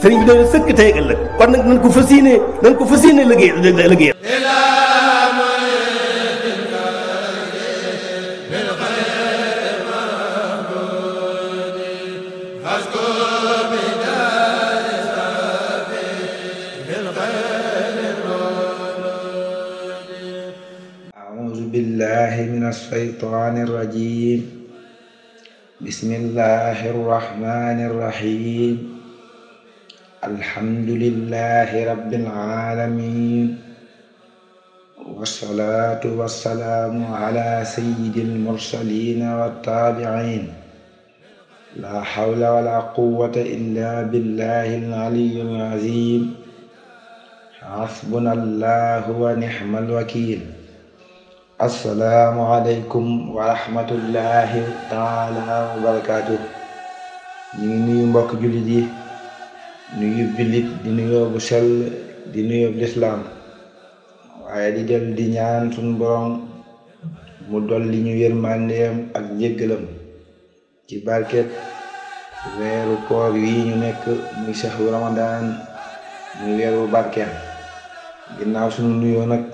sëriñ bi dañu sëkk tey ak ëllëg kon nag nañ ko fas yéene nañ ko fas yéene liggéey liggéey الشيطان الرجيم بسم الله الرحمن الرحيم alhamdulillahi rabbil aalamiin wasalaatu wasalaamu ala sayyidil mursaliin wa taabi'iin laa hawla wa laa quwwata illaa billaahil aliyyil aziim hasbunallaahu wa ni'mal wakiil assalaamu aleykum wa rahmatullaahi taala wa barakaatuh ñu ngi nuyu mbokk jullit yi nuyu jullit di nuyoo bu sel di nuyoo bu lislaam waaye di del di ñaan sunu borom mu dolli ñu yërmandeem ak njéggalam ci barket weeru koor yi ñu nekk muy saxu ramadaan muy weeru barkeel ginnaaw sunu nuyoo nag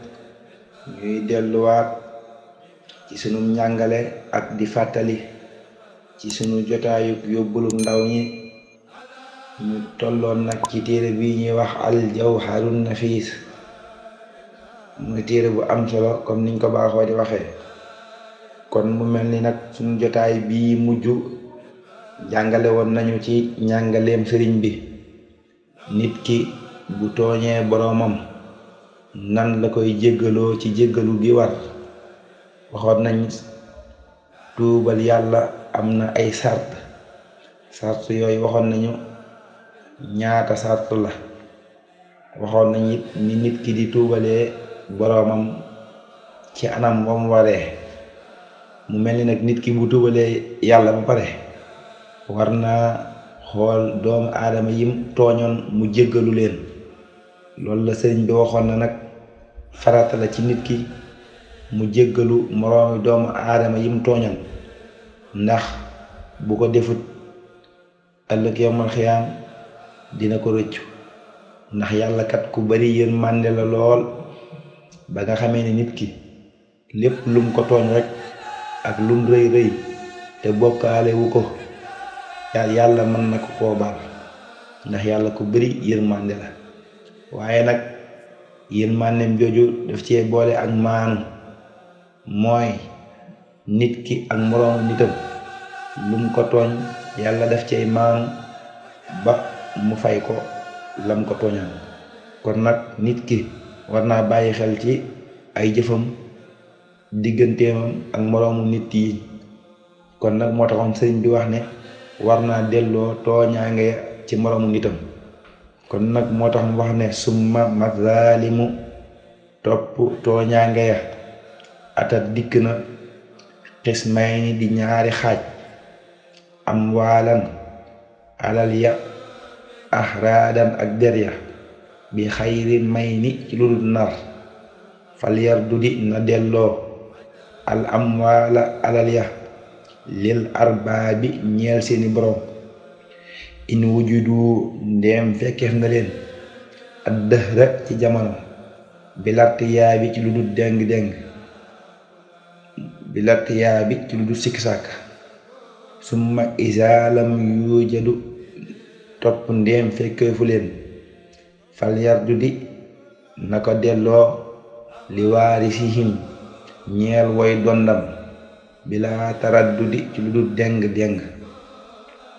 ñuy delluwaat ci sunu njàngale ak di fàttali ci sunu jotaayuk yóbbulum ndaw ñi ñu tolloon nag ci téere bi ñuy wax al na nafis muy téere bu am solo comme niñ ko baaxoo di waxee kon mu mel ni nag suñu jotaay bi mujj jàngale woon nañu ci njàngaleem sëriñ bi nit ki bu tooñee boroomam nan la koy jéggaloo ci jéggalu gi war waxoon nañ tuubal yàlla am na ay sart sart yooyu waxoon nañu ñaata sart la waxoon nañ it ni nit ki di tuubalee boroomam ci anam ba mu waree mu mel ni nag nit ki bu tuubalee yàlla ba pare war na xool doomu aadama yim tooñoon mu jéggalu leen loolu la sëriñ bi waxoon na nag farata ci nit ki mu jéggalu moroomi doomu aadama yim tooñoon ndax bu ko defut ëllëg yowmal xiyaam dina ko rëccu ndax yàlla kat ku bari yéen mànde la lool ba nga xamee ne nit ki lépp lum ko tooñ rek ak lum rëy rëy te bokkaale wu ko yàlla mën na ko koo ndax yàlla ku bari yéen mànde la waaye nag yéen màndeem jooju daf cee boole ak maanu mooy nit ki ak moroomu nitam lum ko tooñ yàlla daf cey maanu ba mu fay ko lam ko tooñal kon nag nit ki war naa bàyyi xel ci ay jëfam digganteemam ak moroomu nit yi kon nag moo taxoon sëriñ bi wax ne war naa delloo tooñaange ci moroomu nitam kon nag moo tax mu wax ne summa mazalimu topp tooñaange ya atat dikk na xismay ni di ñaari xaaj am waalan alal ya axraadan ak der ya bi xayrin may ni ci lu dul nar fal yardudi na delloo al amwaala alal ya lil arbaabi ñeel seeni borom in wujudu ndeem fekkeef na leen ad dëhra ci jamono bi lartiyaa bi ci lu dul déng-déng bi lartiyaa bi ci lu dul sikki sàkk summa isaalam yuujadu topp ndéem fekkeefu leen fal yardu di na ko delloo li waarisihim ñeel woy dondam bila taraddu di ci lu dul deng-deng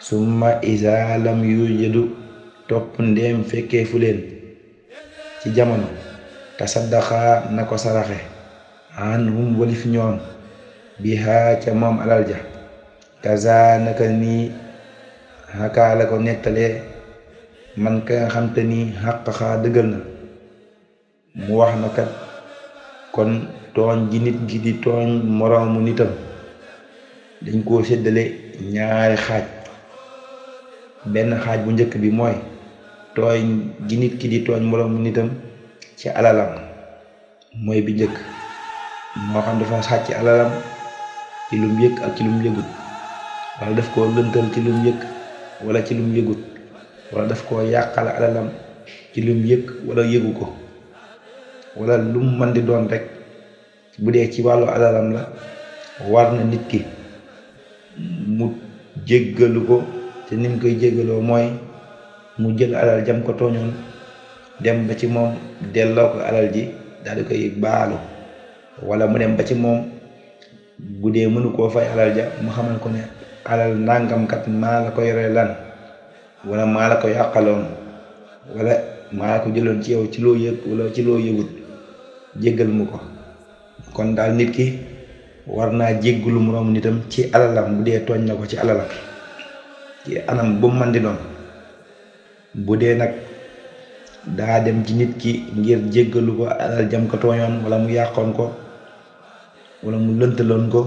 summa isa lam yujadu topp ndéem fekkeefu leen ci jamono tasaddaxa na ko saraxe an hum walif ñoom bihaa ca moom alal ja kaza naka nii xakaa la ko nettalee man ka nga ni te xàq xaa dëggal na mu wax na kat kon tooñ ji nit di tooñ moroomu nitam dañ koo séddale ñaari xaaj benn xaaj bu njëkk bi mooy tooñ ji ki di tooñ moroomu nitam ci alalam mooy bi njëkk moo xam dafa sàcc alalam ci lum yëkk ak ci lum yëgut wala daf koo lëntal ci lum yëg wala ci lum yëgut wala daf koo yàqal alalam ci lum yëg wala yëgu ko wala lum mën di doon rek bu dee ci wàllu alalam la war na nit ki mu jéggalu ko te ni koy jéggaloo mooy mu jël alal jam ko tooñoon dem ba ci moom delloo ko alal ji daal di koy baalu wala mu dem ba ci moom bu dee mënu koo fay alal ja mu xamal ko ne alal nangam kat maa la koy yore lan wala maa la ko yàqaloon wala maa la ko jëloon ci yow ci loo yëg wala ci loo yëgut jéggal mu ko kon daal nit ki war naa jéggalu moroom nitam ci alalam bu dee tooñ na ko ci alalam ci anam bu man bu dee nag daa dem ci nit ki ngir jéggalu ko alal jam ko tooñoon wala mu yàqoon ko wala mu lëntaloon ko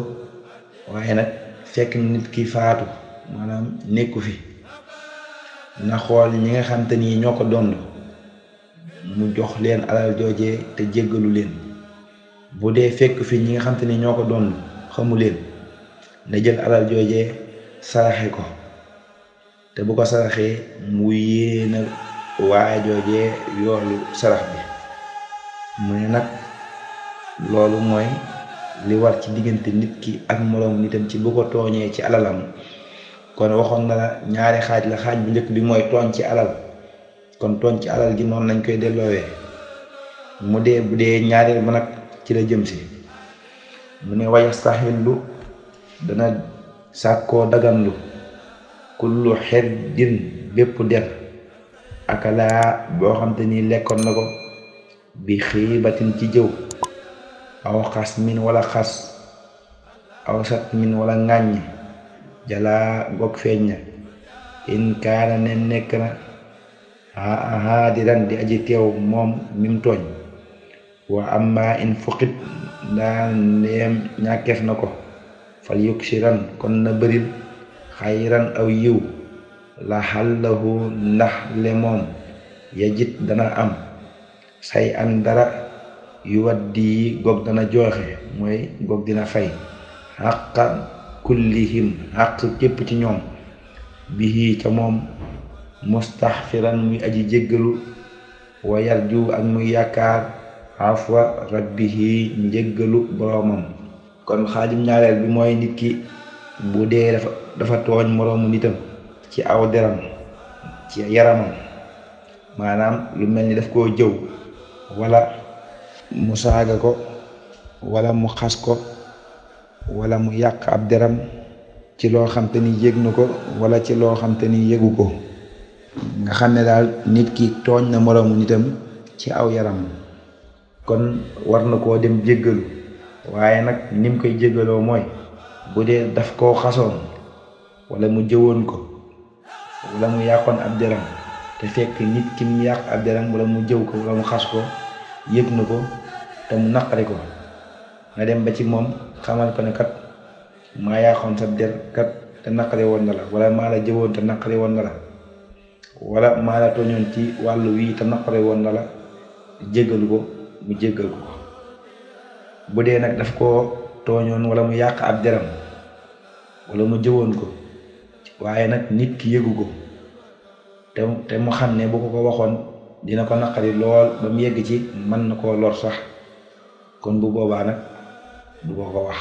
waaye nag fekk nit ki faatu maanaam nekku fi na xool ñi nga xam te ni ñoo ko dond mu jox leen alal joojee te jéggalu leen bu dee fekk fi ñi nga xam te ni ñoo ko dond xamu leen na jël alal joojee saraxe ko te bu ko saraxee mu yéena waa joojee yoolu sarax bi mu ne nag loolu mooy li war ci diggante nit ki ak moroom nitam ci bu ko tooñee ci alalam kon waxoon na la ñaari xaaj la xaaj bu njëkk bi mooy tooñ ci alal kon tooñ ci alal gi noonu nañ koy delloowee mu dee bu dee ñaareel ba nag ci la jëm si mu ne waye saxillu dana sàkkoo daganlu kullu xet din bépp der akalaa boo xam te ni lekkoon na ko bi xiibatin ci jëw aw xas min wala xas aw sat min wala ŋàññ jalaa gog feeñ na in kaana ne nekk na haadiran di aji moom mim tooñ wa amma in fuqit ndaa ndeem ñàkkeef na ko fa yuksiran kon na bëril xayran aw yiw la xallahu ndax le moom yajit dana am say an dara yu waddi goog dana jooxe mooy goog dina fay xàqa kullihim xàq képp ci ñoom bihi ca moom mustaxfiran muy aji jéggalu wa yarju ak muy yaakaar bi rabbihi njëggalu boroomam kon xaajum ñaareel bi mooy nit ki bu dee dafa dafa tooñ moroomu nitam ci aw deram ci yaramam maanaam lu mel ni daf koo jëw wala mu saaga ko wala mu xas ko wala mu yàq ab deram ci loo xam te ni yëg na ko wala ci loo xam te ni yëgu ko nga xam ne daal nit ki tooñ na moroomu nitam ci aw yaram kon war na koo dem jéggalu waaye nag ni mu koy jéggaloo mooy bu dee daf koo xasoon wala mu jëwoon ko wala mu yàqoon ab deram te fekk nit ki mu yàq ab deram wala mu jëw ko wala mu xas ko yëg na ko te mu naqari ko nga dem ba ci moom xamal ko ne kat maa yaaxoon sa der kat te naqari woon na la wala maa la jëwoon te naqari woon na la wala maa la tooñoon ci wàllu wii te naqari woon na la jéggalu ko mu jéggal ko bu dee nag daf koo tooñoon wala mu yàq ab deram wala mu jëwoon ko waaye nag nit ki yëgu ko te te mu xam ne bu ko ko waxoon dina ko naqari lool ba mu yegg ci mën na koo loor sax kon bu boobaa nag du ko ko wax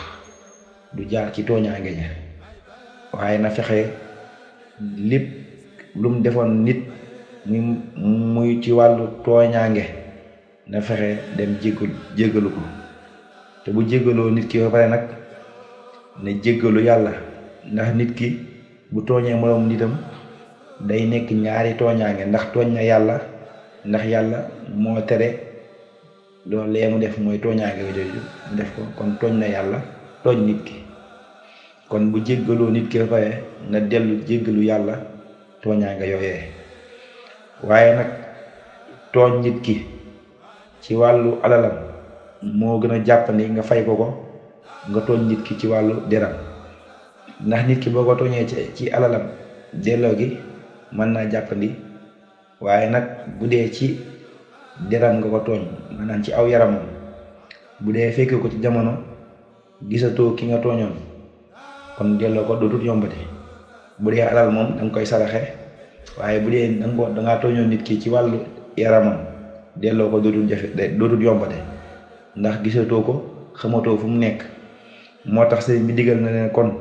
du jaar ci tooñaange ja waaye na fexe lépp lum defoon nit muy muy ci wàllu tooñaange na fexe dem jéggalu jéggalu ko te bu jéggaloo nit ki ba pare nag na jéggalu yàlla ndax nit ki bu tooñee moroom nitam day nekk ñaari tooñaange ndax tooñ na yàlla ndax yàlla moo tere loolu lee mu def mooy tooñaange ga jooju mu def ko kon tooñ na yàlla tooñ nit ki kon bu jéggaloo nit ki ba pare na dellu jéggalu yàlla tooñaange yooyee waaye nag tooñ nit ki ci wàllu alalam moo gën a jàppandi nga fay ko ko nga tooñ nit ki ci wàllu deram ndax nit ki boo ko tooñee ci alalam delloo gi mën naa jàppandi waaye nag bu dee ci deram nga ko tooñ naan ci aw yaramam bu dee fekkee ko ci jamono gisatoo ki nga tooñoon kon delloo ko dootut yombate bu dee alal moom danga koy saraxe waaye bu dee danga ko dangaa nit ki ci wàllu yaramam delloo ko dootut jafe dootut yombate ndax gisatoo ko xamatoo fu mu nekk moo tax sëriñ bi digal na leen kon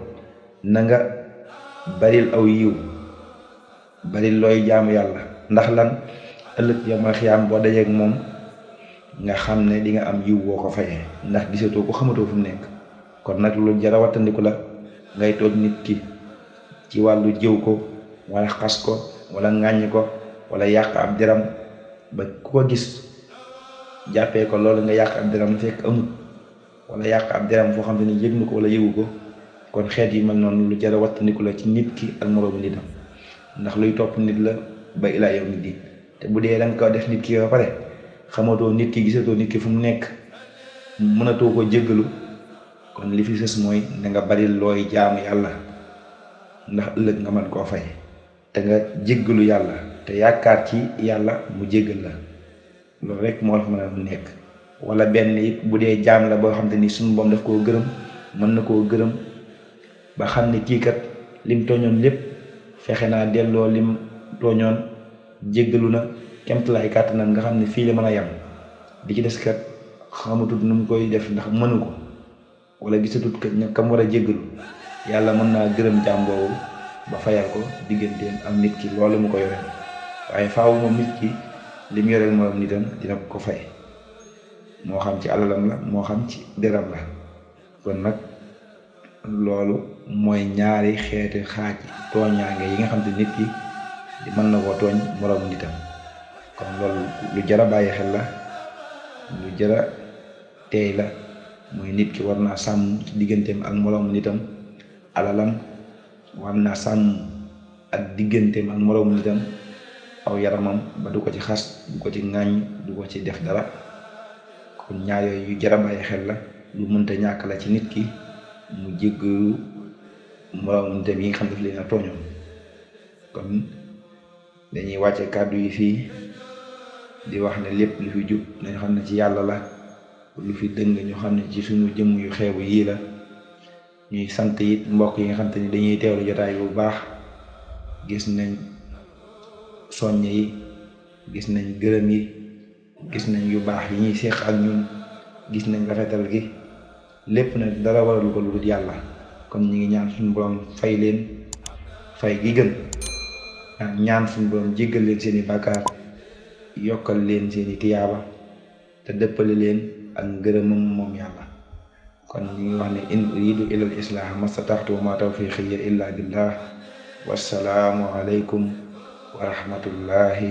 na nga baril aw yiw baril looy jaamu yàlla ndax lan ëllëg yomal xiyaam boo dajeeg moom nga xam ne di nga am yiw woo ko fayee ndax gisatoo ko xamatoo fu mu nekk kon nag lu jar a wattandiku la ngay toog nit ki ci wàllu jëw ko wala xas ko wala ŋàññ ko wala yàq ab deram ba ku ko gis jàppee ko loolu nga yàq ab deram fekk amul wala yàq ab deram foo xam ne yëg na ko wala yëgu ko kon xeet yi mel noonu lu jar wattandiku la ci nit ki ak moroomu nitam ndax luy topp nit la ba ilaa yawmi diin te bu dee danga nga ko def nit ki ba pare xamatoo nit ki gisatoo nit ki fu mu nekk mënatoo ko jéggalu kon li fi sës mooy na nga bari looy jaamu yàlla ndax ëllëg nga mën koo fay te nga jéggalu yàlla te yaakaar ci yàlla mu jéggal la loolu rek moo la fa mën a nekk wala benn it bu dee jaam la boo xam te ni suñu boom daf koo gërëm mën na koo gërëm ba xam ne kii kat lim tooñoon lépp fexe naa delloo lim tooñoon jéggalu na kemtalaay kàttanam nga xam ne fii la mën a yem di ci des kat xamatut nu mu koy def ndax mënu ko wala gisatut kat ña kam war a jéggalu yàlla mën naa gërëm jaam ba fayal ko digganteem am nit ki loolu mu ko yore waaye faaw moom nit ki li mu yoreel moom nitam dina ko fay moo xam ci alalam la moo xam ci deram la kon nag loolu mooy ñaari xeeti xaaj tooñaange yi nga xam te nit ki mën na koo tooñ moroomu nitam kon loolu lu jara bàyyi xel la lu jara teey la mooy nit ki war naa sàmm ci ak moroomu nitam alalam war naa sàmm ak digganteem ak moroomu nitam aw yaramam ba ko ci xas du ko ci ci def dara kon ñaar yooyu yu xel la lu mënta ñàkk la ci nit ki mu jéggalu moroomu nitam yi nga xam daf leen a tooñoon kon dañuy wàcce kàddu yi fii di wax ne lépp lu fi jub nañ xam ne ci yàlla la lu fi dëng ñu xam ne ci suñu jëmm yu xeebu yii la ñuy sant it mbokk yi nga xam te ni dañuy teewlu jotaay bu baax gis nañ soññ yi gis nañ gërëm yi gis nañ yu baax yi ñuy séq ak ñun gis nañ rafetal gi lépp nag dara waralu ko lu dul yàlla kon ñu ngi ñaan suñu borom fay leen fay gi gën ñaan suñu borom jéggal leen seeni bàkkaar yokkal leen seeni tiyaaba te dëppale leen ak ngërëmam moom yàlla kon ñu ngi wax ne in uridu ilal islaah mastataxtu ma tawfiqiya illa billah wassalaamu aleykum wa rahmatullahi